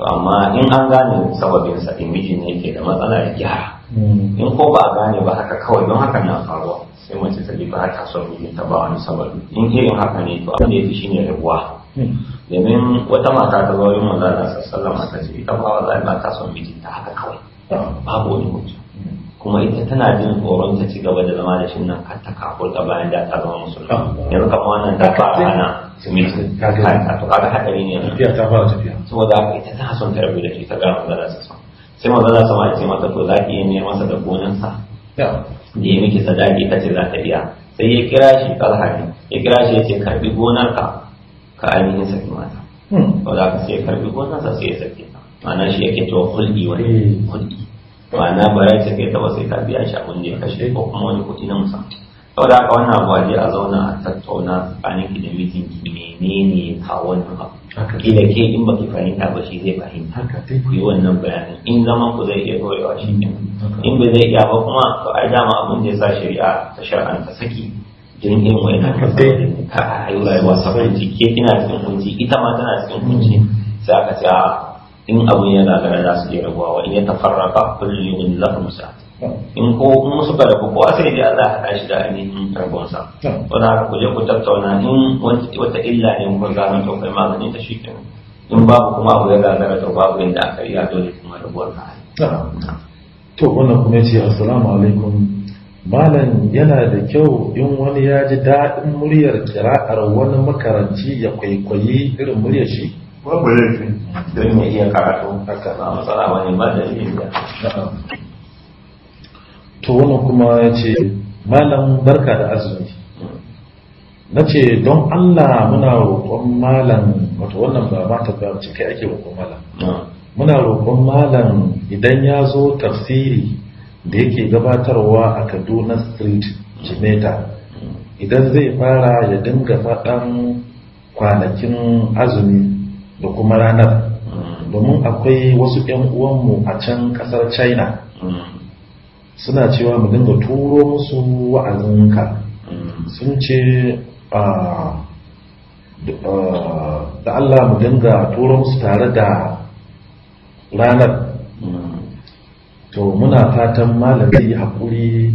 C: to amma in an gane sababin sa in miji ne yake da matsala ya gyara mm. in ko ba a gane ba haka kawai don haka na faruwa sai mace ta ba ta son miji ta ba wani sababi in irin haka ne to abin da yake shine rabuwa mm. domin wata mata ta zo yin manzo da sallama ta ce ita ba wallahi ba ta son miji ta haka kawai babu wani mutum kuma ita tana jin tsoron ta ci gaba da zama da shi nan har ta kafurta bayan da ta zama musulma ah. yanzu kafa wannan ta fara ana ta kare to kaga hadari ne tafiya ta fara tafiya saboda haka ita ta son ta rabu da shi ta ga manzala sa sama sai manzala sama ya ce mata to za ki yi ne masa da gonansa da ya miki sadaki ta ce za ta biya sai ya kira shi kalhari ya kira shi ya ce karbi gonarka ka ainihin saki mata ba za sai karbi gonarsa sai ya saki ta ma'ana shi yake cewa hulɗi wani hulɗi ma'ana ba ya sake ta ba sai ta biya shi abin da ya kashe ko kuma wani kuɗi na musamman saboda haka wannan abu a zauna a tattauna tsakanin ki da mijin ki menene ka wannan abu kila ke in baki fahimta ba shi zai fahimta ku yi wannan bayanin in zaman ku zai iya dorewa shi ne in ba zai iya ba kuma to ai dama abin da ya sa shari'a ta ta saki Jirgin irin wani na ka a yi rayuwa sabon ke kina cikin kunci ita ma tana cikin kunci mm. sai aka ce in abin ya gagara za su je rabuwa wa in ya tafarraka kullum lahum in ko in suka rabu ko sai dai Allah haɗa da ainihin rabonsa sa. haka ku kuje ku tattauna in wata illa ne kun gano nan kai maganin ta shi kenan in babu kuma abu ya gagara to babu inda aka yi dole kuma da rabuwar ka
B: to wannan kuma ya ce assalamu alaikum malam yana da kyau in wani ya ji daɗin muryar kira'ar wani makaranci ya kwaikwayi irin muryar shi babu laifi don ya iya karatu haka na matsala wani ba da to wani kuma ya ce malam barka da azumi na ce don allah muna roƙon malam wato wannan ba ma ta ce kai ake roƙon malam ah. muna roƙon malam idan ya zo tafsiri da yake gabatarwa a kaduna street jimeta idan zai fara ya dinga faɗan kwanakin azumi da kuma ranar ah. domin akwai wasu 'yan uwanmu a can ƙasar china ah. suna cewa mu dinga turo musu wa'azinka sun ce ah, ah, da Allah mu dinga turo musu tare da ranar to muna fatan malami yi haƙuri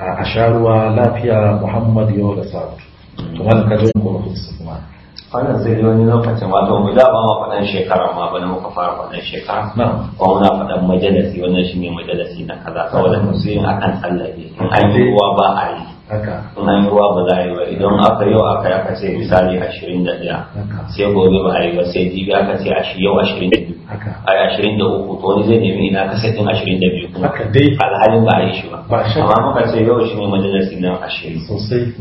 B: a sharuwa lafiya Muhammadu yau da sabu to malam kajin kuma kuma wannan zai yi wani lokacin wato mu
C: da ba ma faɗan shekara ma bane muka fara faɗan shekara ba muna faɗan majalisi wannan ne majalisi na kaza saboda musulmi akan tsallake in an yi ruwa ba a yi in an yi ruwa ba za a yi ba idan aka yau aka yi aka ce misali ashirin da ɗaya sai gobe ba a yi ba sai jibi aka ce yau ashirin da a ashirin da uku to wani zai nemi ina kasafin ashirin da biyu kuma alhalin ba a yi shi ba amma muka ce yau shi ne majalisi na ashirin sosai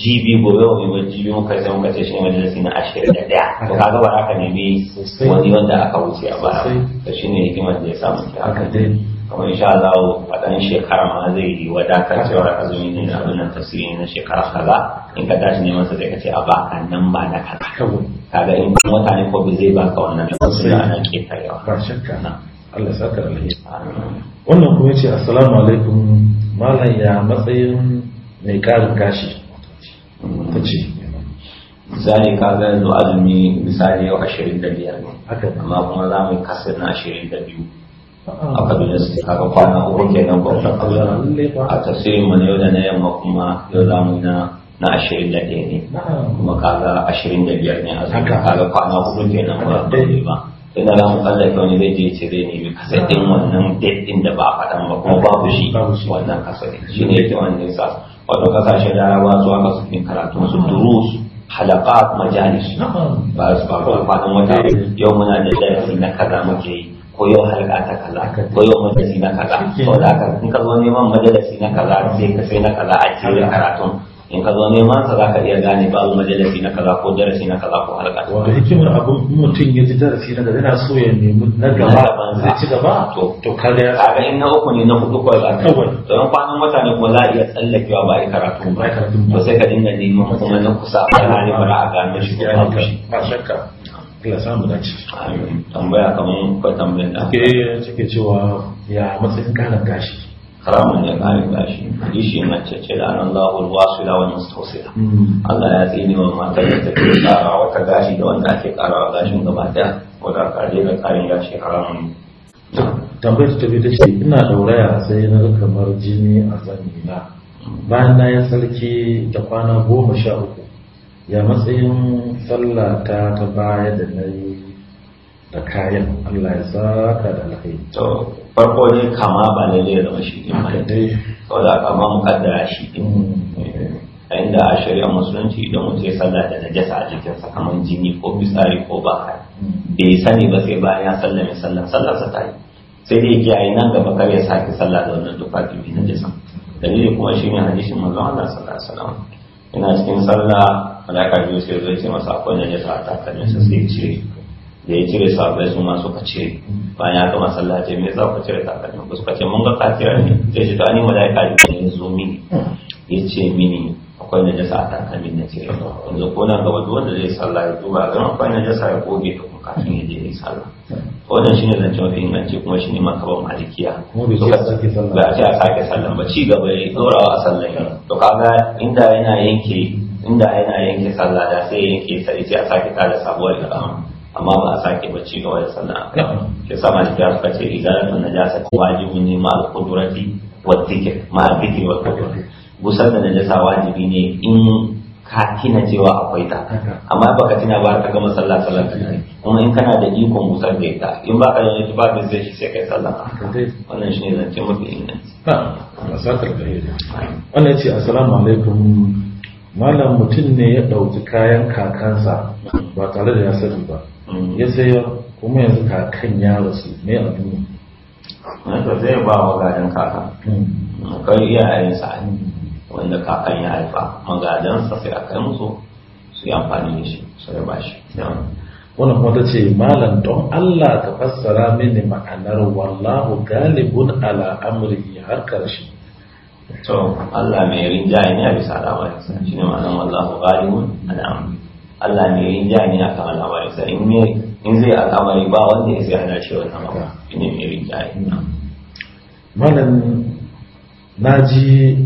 C: Gb gobe wani mai jibi muka ce muka ce shi ne majalisi na ashirin da daya. to kaga ba aka nemi wani wanda aka wuce a baya to shi ne hikimar da ya samu haka dai kuma sha Allah faɗan shekara ma zai yi wadatar cewar azumi ne na abin nan tafsiri ne na shekara kaza in ka tashi neman sa sai ka ce a ba a nan ba na kaza kaga in kuma mutane ko bai zai baka wannan sai ana
B: ke ba shakka na Allah saka alheri
A: wannan kuma yace assalamu alaikum
B: malam ya matsayin mai karin gashi mm. ta ce
C: misali ka ga yanzu azumi misali yau ashirin da biyar ne amma kuma za mu yi na ashirin da biyu a kabilar su haka kwana uku kenan ko a tasirin mu yau da na yamma kuma yau za mu na na ashirin da ɗaya ne kuma kaga ashirin da biyar ne a zaka kaga kwana hudu kenan ba ba Ina na ramu kalla ka ne zai je ni zai nemi kasadin wannan daɗin da ba a faɗan ba kuma babu shi wannan kasadin shi ne yake wannan sa wato kasashen larabawa zuwa ka su karatun su durus halakat majalis ba su ba kwanan wata yau muna da darasi na kaza muke yi ko yau halka ta kaza ko yau majalisi na kaza to da haka in ka zo neman majalisi na kaza sai ka sai na kaza a cikin karatun in ka zo neman sa zaka iya gane babu majalisi na kaza ko darasi na kaza ko halka ta wato hikimar
B: abu mutum ya ji darasi na kaza yana so ya nemi na gaba zai ci gaba
C: to to kaga ya kaga in na uku ne na hudu ko za ka to in kwanan wata ne kuma za a iya tsallakewa ba a yi karatu ba to sai ka dinga neman kuma na kusa ba na ne ba a gane shi ko ba shi ba shakka Allah samu dace tambaya kamar kwa tambayar da
B: ake cike cewa ya matsayin karin gashi haramun
C: ne karin gashi Hadishi na cece da anan lahul wasila wal mustawsila mm. Allah ya tsini wa matar da take tsara wata gashi da wanda ake karawa gashin gaba daya wanda ka da
B: karin gashi haramun ne tambayar ta bi tace ina dauraya sai na kamar jini a zanina mm. bayan na ya sarki da kwana goma sha uku ya matsayin sallata ta baya da na da kayan Allah ya saka da alkhairi
C: to farko ne kama ba ne da zama shi ne ba kawai da kama mukaddara shi ɗin. a inda a shari'a musulunci idan mutum ya sallah da najasa a jikinsa kamar jini ko fitsari ko baka mm. bai sani ba sai ba ya sallame sallah sa ta yi sai dai ya yi nan gaba kar ya sake sallah da wannan tufafi mai najasa dalili kuma shi ne hadisin manzon Allah sallallahu alaihi wasallam ina cikin sallah aka biyu sai zai ce masa akwai da jasa a takarin sa sai cire da ya cire sabai su masu suka cire bayan aka masallaci mai za ku cire takalmin su suka ce mun ga katira ne sai shi ta ni kaji da ya zo mini ya ce mini akwai da jasa a takarin na cire yanzu ko nan gaba duk wanda zai salla ya duba ga akwai da jasa ya goge ta kuma kafin ya je ya yi sallah wannan shine zancen mafi inganci kuma shine makaban malikiya ba a ce a sake sallan ba ci gaba ya yi tsorawa a sallan to kaga inda yana yanke inda yana yanke sallah da sai yanke sai sai a sake tada sabuwar ikama amma ba a sake bacci ga wajen sallah a kan ke sama da ya suka ce izalatun najasa wajibi ne ma kudurati wa dhikr ma al-dhikr wa kudurati. gusar da najasa wajibi ne in ka tina cewa akwai ta amma baka tina ba ka gama sallah sallah ta kuma in kana da ikon gusar da ita in ba ka yanzu ba ka zai shi sai kai sallah wannan shi zan zance mafi inganci ba
B: satar da wannan ce assalamu alaikum malam mutum ne ya ɗauki kayan kakansa ba tare da ya sani ba ya sayar kuma yanzu kakan ya rasu ne a duniya to zai ba wa gadon kakan
C: hmm. kai iyayensa wanda kakan ya haifa magadansa sai a kai musu su yi amfani da shi su ba shi
B: Wani kuma ta ce malam don Allah ka fassara mini ma'anar wallahu galibun ala ya har karshe
C: to Allah mai rinjaye ne a bisa al'amarinsa shi ne ma'anar wallahu galibun al'amari Allah mai rinjaye ne a kan al'amarinsa in in zai al'amari ba wanda ya zai
B: hana shi wannan abu shi ne mai rinjaye Manan na ji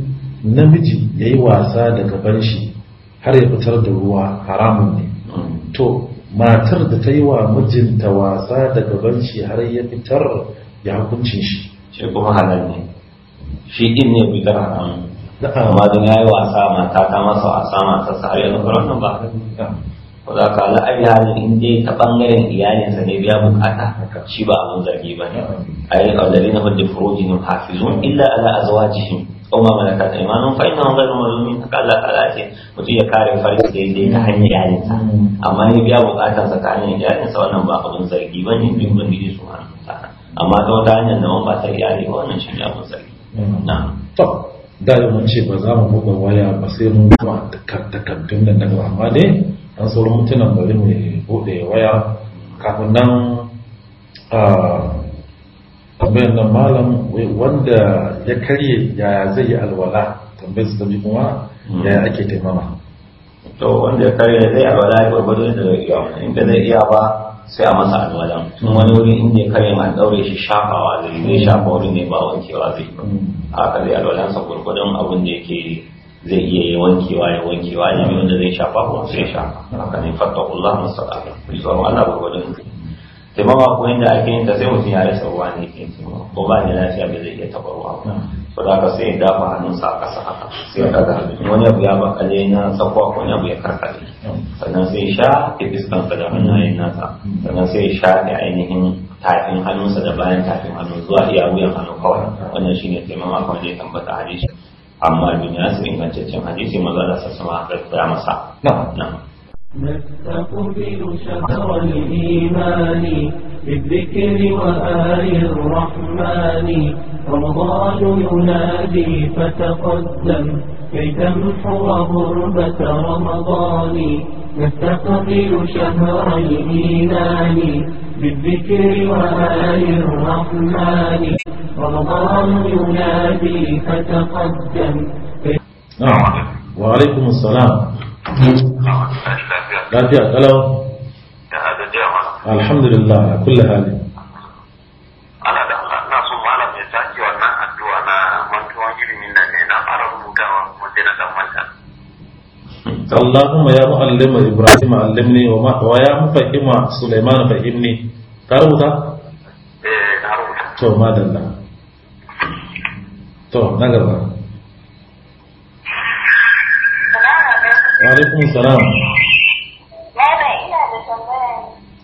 B: namiji ya yi wasa da gaban shi har ya fitar da ruwa haramun ne mm. to matar da ta yi wa mijinta wasa da gaban shi har ya fitar ya hukuncin shi shi kuma halal ne
C: shi din ne bitar haramun da amma don ya yi wasa mata ta masa wasa mata sa har yanzu wannan ba haka ko za ka la'ayi halin in dai ta bangaren iyalinsa ne biya bukata shi ba abun zargi ba ne a yi ƙaunari na hudu furojinin hafizun illa ala azwajihim ko ma mana ta imanun fa inna ghayru malumin haka Allah ta'ala ce mutum ya kare farin da yake ta hanyar iyalinsa amma ya biya bukatar sa ta hanyar iyalinsa wannan ba abun zargi ba ne bin
B: ubangiji subhanahu wa ta'ala amma ta wata hanyar da ba ta
C: iyali wannan shi ne abun zargi
B: Mm. to da mun ce ba za mu buga waya ba sai mun kuma takardun da daga amma dai an sauran mutunan bari mu bude waya kafin nan tambayar nan malam wanda ya karye yaya zai yi alwala tambayar su tabi kuma mm. yaya ake taimama to wanda
C: ya karye zai alwala ya gwargwado da ya inda zai iya ba sai a masa alwala in wani wuri in ya kare ma daure shi shafawa zai zai shafa wurin ne ba wankewa zai ba mm. haka zai sa gurgudun abin da yake zai iya yi wankewa ya wankewa ya mai wanda zai shafa ko sai shafa haka ne fatta fattakullah bi zuwa Allah gurgudun ba ko inda ake yin ta sai mutum ya rasa ruwa ne ke ko ba ne lafiya ba zai iya taɓa ruwa ba za ka dafa hannunsa a ƙasa haka sai ka wani abu ya baka bakale na sakwa wani abu ya karkare sannan sai sha ke fiskansa da hannayen nasa sannan sai sha da ainihin tafin hannunsa da bayan tafin hannu zuwa iya wuyan hannu kawai wannan shine taimama kuma da ya tambata hadisi amma duniya su ingantaccen hadisi maza da sassama da ya masa na'am
A: نستقبل شهر بالذكر وآل الرحمن رمضان ينادي فتقدم كي تمحو غربة رمضان نستقبل شهر الإيمان بالذكر وآل الرحمن رمضان ينادي فتقدم
B: نعم وعليكم السلام نعم. لا تأكلوا الحمد لله على كل حال اللهم يا معلم ابراهيم علمني وما ويا مفهم سليمان فهمني كاربوتا تو ما الله تو نقرأ وعليكم السلام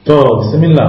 B: تو بسم الله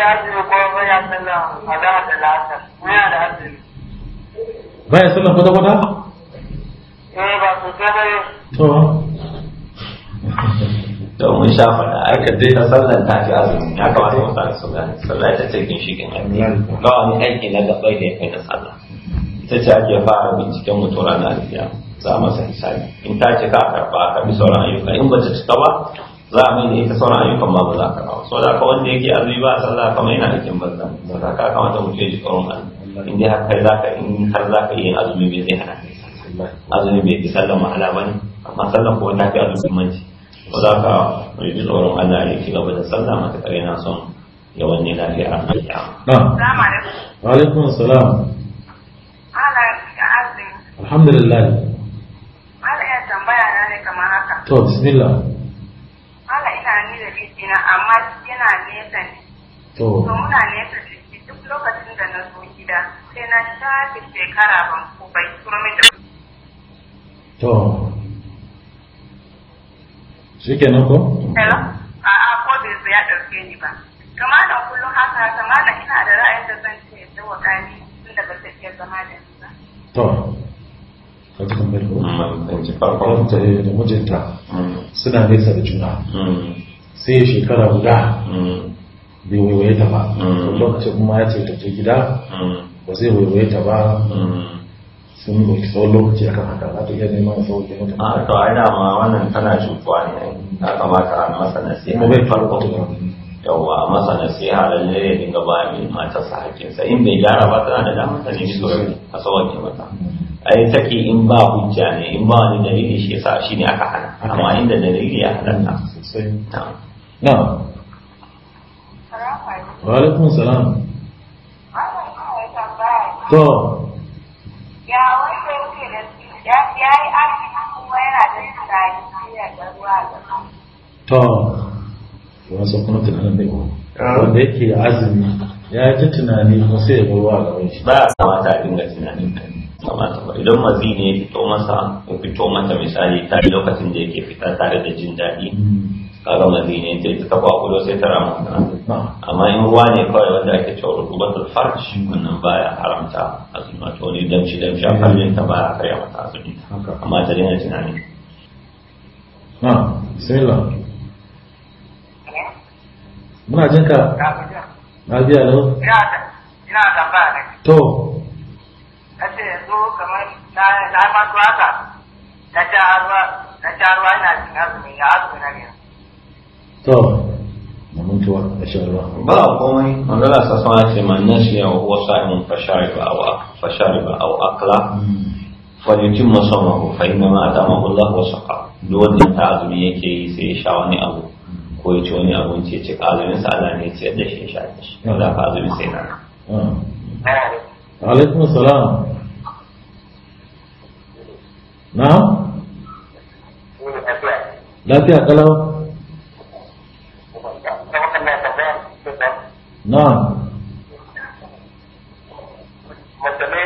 D: yake azumi ko baya sallah a zama da la'asar muna da azumi
B: baya sallah kwata kwata eh ba sosai ba to to mun sha faɗa aka ka daina sallan
C: ta fi azumi ya kamata mu fara sallah sallah ita ce ginshiƙin addini ba wani aiki na gabai da ya kai na sallah ita ce ake fara binciken mutum ranar alfiya za masa hisabi in ta ce ka karɓa a karɓi sauran ayyuka in ba ta cika ba za a mai ita sauran ayyukan ma ba za ka kawo so da ka wanda yake azumi ba san za kamar yana cikin banza ba za ka kamata ta ya ji tsoron Allah in dai har kai za ka in har za ka yi azumi bai zai hana azumi bai fi sallan ma'ala ba ne amma sallan kuma ta fi azumi manci ba za ka mai ji tsoron Allah ne ci gaba da sallah mata kare na son ya ne lafiya a kan ya.
B: Wa alaikum salam.
D: ya
B: Alhamdulillah.
D: Ala ya tambaya na ne kamar haka. To bismillah. jikina amma yana nesa ne to muna nesa jiki
B: duk lokacin da na zo gida sai na shafe shekara ban ko bai kurmi da to shi kenan ko? a a ko bai ya ɗauke ni ba kama da
D: kullum haka kama da ina da ra'ayin da zan ce da wakani tun da ba ta iya zama da ni ba
B: to ka da tambayar ko? Mm, ta da mijinta mm. suna nesa da juna mm. sai ya shekara guda mm. bai ta ba mm. lokacin kuma ya ce ta ce gida mm. ba zai ta ba sun ɗauki tsawon lokaci kan haka za ta iya neman sauƙi ah, mata a to
C: ai dama wannan tana cutuwa ne ya kamata a masa sai kuma bai farko yawwa a sai nasiha lalle ya dinga ba mai sa. hakinsa in bai gyara ba tana da damar ta shi sauƙi a ke mata ai take in ba hujja ne in ba wani dalili shi yasa shine aka hana amma inda dalili ya halatta
B: sosai na wa alaikun salam to ya wanda yake da ya yi arziki kuma yana da tsari da ruwa to wasu kuma tunanin da yau wanda yake azumi ya ji tunani kuma sai ya ruwa gaban shi ba
C: a kamata a dinga tunanin ka kamata ba idan mazi ne ya fito masa ko fito mata misali ta lokacin da yake fita tare da jin daɗi mm. kaga madina in ta ta kudo sai ta ramu amma in ruwa ne kawai wanda ake cewa rutubatul farj wannan baya haramta azumi ne wani damshi damshi a ne ta baya karya mata azumi amma ta daina tunani
B: na sai la muna jin ka na biya lau
D: ina
B: ba ne to kace yanzu kamar
D: na na ma tuwata na ja ruwa na ja ruwa ina cin azumi ya azumi na ne
B: to na mutuwa da shan ruwa
C: ba komai manzala sa sama ce man nasiya wa huwa sa'imun fashariba fashari ba aw akla hmm. falyutim masamahu fa fahimta ma dama kula wasu ka duk wanda ta azumi yake yi sai ya sha wani abu ko ya ci wani abu ce ce azumin sa ala ne ce da shi ya sha da shi da ka azumi sai na hmm. alaikum salam
B: na lafiya kalau na'am mace ne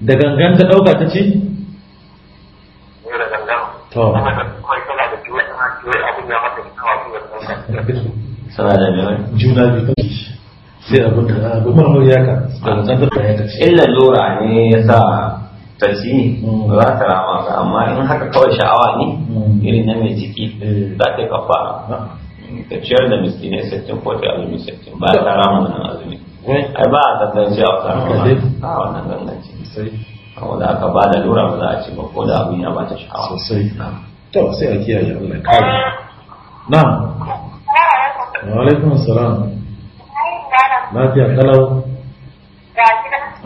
B: da ɗauka ci eh. gangan ta ɗauka ta
D: eh, to da juna
B: biyu sai abin da gumar mai yaka da zafin da ya tafi illa lura ne ya sa
C: tafi hmm. ba za ta rama ka amma in haka kawai sha'awa ne hmm. irin na mai ciki eh. za ta kafa ta ah. ciyar da ne sattin ko ta azumi sattin ba ta rama wannan azumi ai ba a tantance a wata a wannan gangance kawo da aka ba da lura ba za a ci ba ko da abin ya ba ta sha'awa sosai to sai a kiyaye
B: Allah na wa alaikum assalam lafiya kalau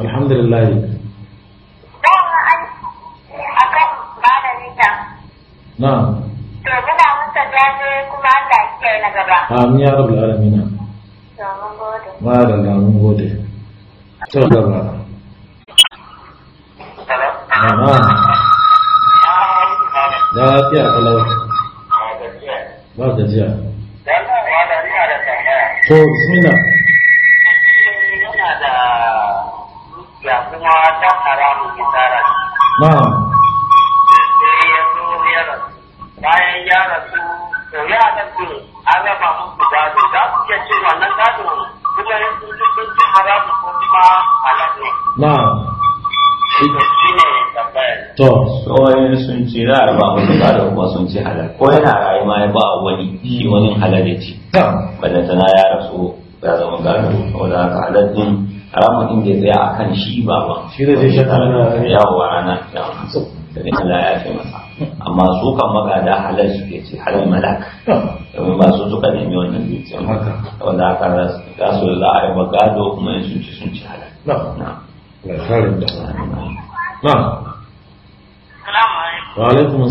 B: alhamdulillah na
D: to muna masa dade kuma an ya na gaba amin
B: ya rabbal alamin
D: to mun
B: da mun gode to gaba lafiya kalau ba gajiya Ko bismillah
D: Na. sai ya ya rasu bayan ya rasu to ya an cin wannan kuma yin sun ko
C: tsohon sun ce za a raba musu ba da kuma sun ce halal. Ko yana rayu ma ya ba wani shi wani halal ya ce. ya rasu ya zama gado, saboda haka halal din haramun din bai tsaya akan shi ba ba shi da zai shaka na yawo ranar da ne Allah ya ce masa amma su kan magada su ke ce halar malak domin ba su ne mai wannan dukiyar wanda aka rasu za a yi magado kuma yin sun ci sun ci halar. na
B: Salamu alaikum.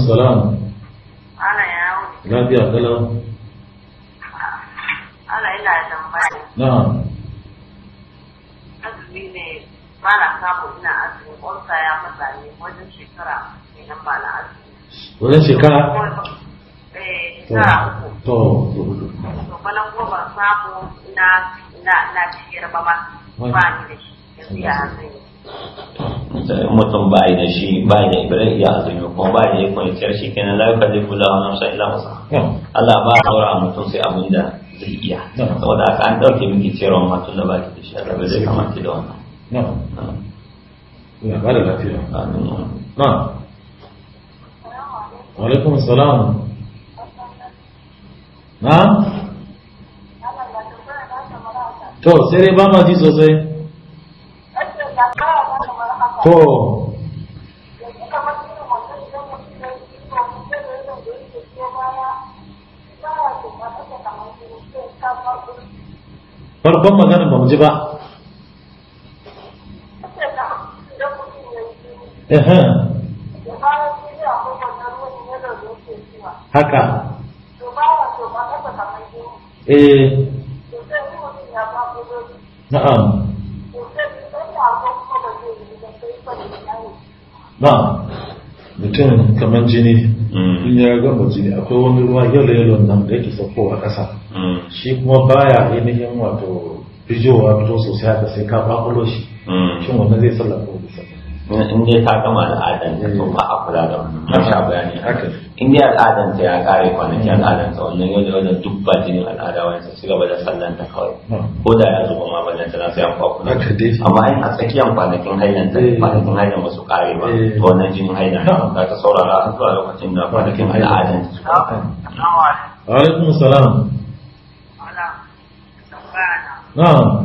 B: Wa alaikum Ala
D: mala kamo ina azumi ƙwarsa ya matsa ne wajen shekara kenan ba na azumi wajen shekara eh,
E: shekara uku to
D: to bana kuma ban samu na na na ciyar ba ba ni da shi yanzu ya azumi eh,
C: mutum ba da shi ba da ibrahim ya azumi kuma ba da yakon ciyar shi kenan la yuka zai kula wa nafsa illa wasa hmm. Allah ba saura a mutum sai abin da zai iya hmm. saboda aka an dauke miki ciyarwa matun da baki da shi Allah bai kamata da wannan na ina ba da
B: lafiya na walaikun
D: na to sai dai ba ma ji sosai to
B: farkon maganin ba mu ji ba
D: Aha. Haka.
B: Eh. Mutum kamar jini. In hmm. ya jini akwai wani ruwa nan da yake sauko a ƙasa. Hmm. Shi kuma baya ainihin wato fijowa fito sosai haka sai ka bakulo shi. Hmm. Shin wannan zai in
C: dai ta gama al'adar ta ba a kula da wannan na sha bayani in dai al'adar ta ya kare kwanaki al'adar ta wannan yau da yau da duk ba jinin al'ada wani ta ci gaba da sallan ta kawai ko da ya zuba ma ballan ta sai an kula amma in a tsakiyar kwanakin hailan ta eh. kwanakin hailan ba su kare ba eh. to wannan jinin hailan ta ta saurara a zuwa lokacin da kwanakin al'adar ta
B: alaikum salam na'am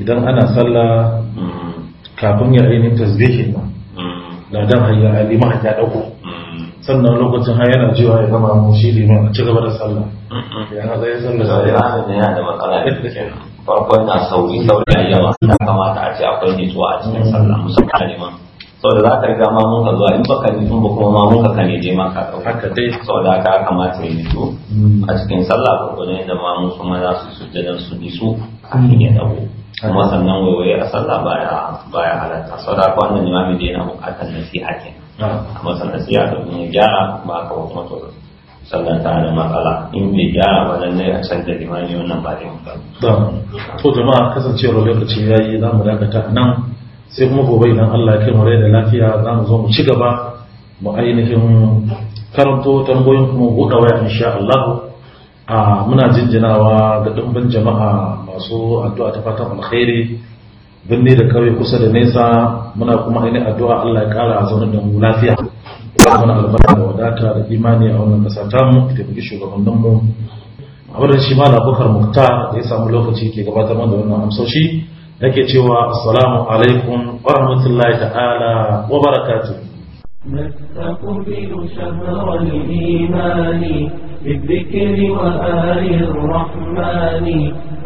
B: idan ana sallah kafin ya ainihin tasbihin ma na dan hanyar alima ya dauko sannan lokacin har yana cewa ya zama mu shi liman a ci gaba da sallah idan a tsaye sallah da ya da yana da matsala
C: da take farkon na sauri sauri a yawa ya kamata a ce akwai nituwa a cikin sallah musamman liman sau da za ka riga ma mun ka zuwa in baka nitun ba kuma ma mun ka kane je ma ka ɗauka haka dai sau da ka kamata ya nitu mm. a cikin sallah ko ne da ma mun kuma za su sujjadan su nisu a hanyar dago kuma sannan waiwaye a sallah baya baya halatta sau da kuwa annan imami da yana bukatar nasiha ke amma sannan sai ya domin ya gyara ba ka ba kuma sallan ta da matsala in bai gyara ba nan ne a canza limami wannan ba da yin ba
B: to jama'a kasancewar lokaci ya yi za mu dakata nan sai kuma gobe idan Allah ya kai mu rai da lafiya za mu zo mu ci gaba mu ainihin karanto tambayoyin kuma buɗe waya insha Allah ah, muna jinjinawa ga ɗumbin jama'a so addu'a ta fatan alkhairi binne da kauye kusa da nesa muna kuma ina addu'a Allah ya kara a da mu lafiya ya mana albarka da wadata da imani a wannan kasa mu da bugi mu abin da shi ma labukar mukta da ya samu lokaci ke gabatar da wannan amsoshi nake cewa assalamu alaikum wa rahmatullahi ta'ala wa barakatuh
A: شهر الإيمان بالذكر وآل الرحمن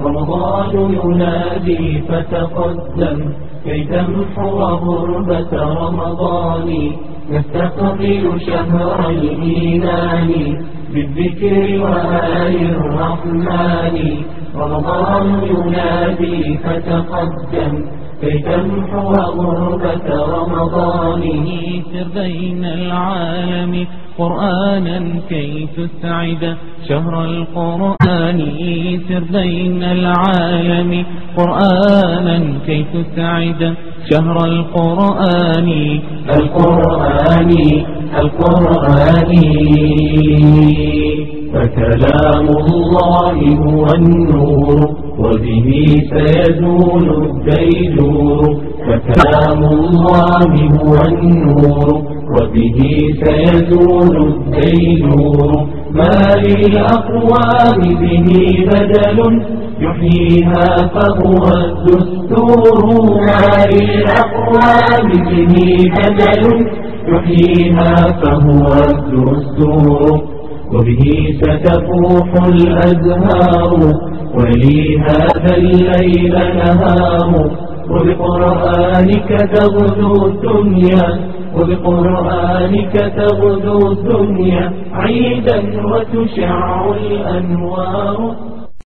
A: رمضان ينادي فتقدم كي تمحو غربة رمضان نستقبل شهر الإيمان بالذكر وآل الرحمن رمضان ينادي فتقدم كي تمحو غربة رمضان سر بين العالم قرآنا كي تسعد شهر القرآن سر بين العالم قرآنا كي تسعد شهر القرآن القرآن القرآن فكلام الله هو النور وبه سيزول الديجور فكلام الله هو النور وبه سيزول الدينور ما للأقوام به بدل يحييها فهو الدستور ما للأقوام به بدل يحييها فهو الدستور وبه ستفوح الأزهار ولي هذا الليل نهار وبقرآنك تغدو الدنيا وبقرآنك تغدو الدنيا عيدا
E: وتشع الأنوار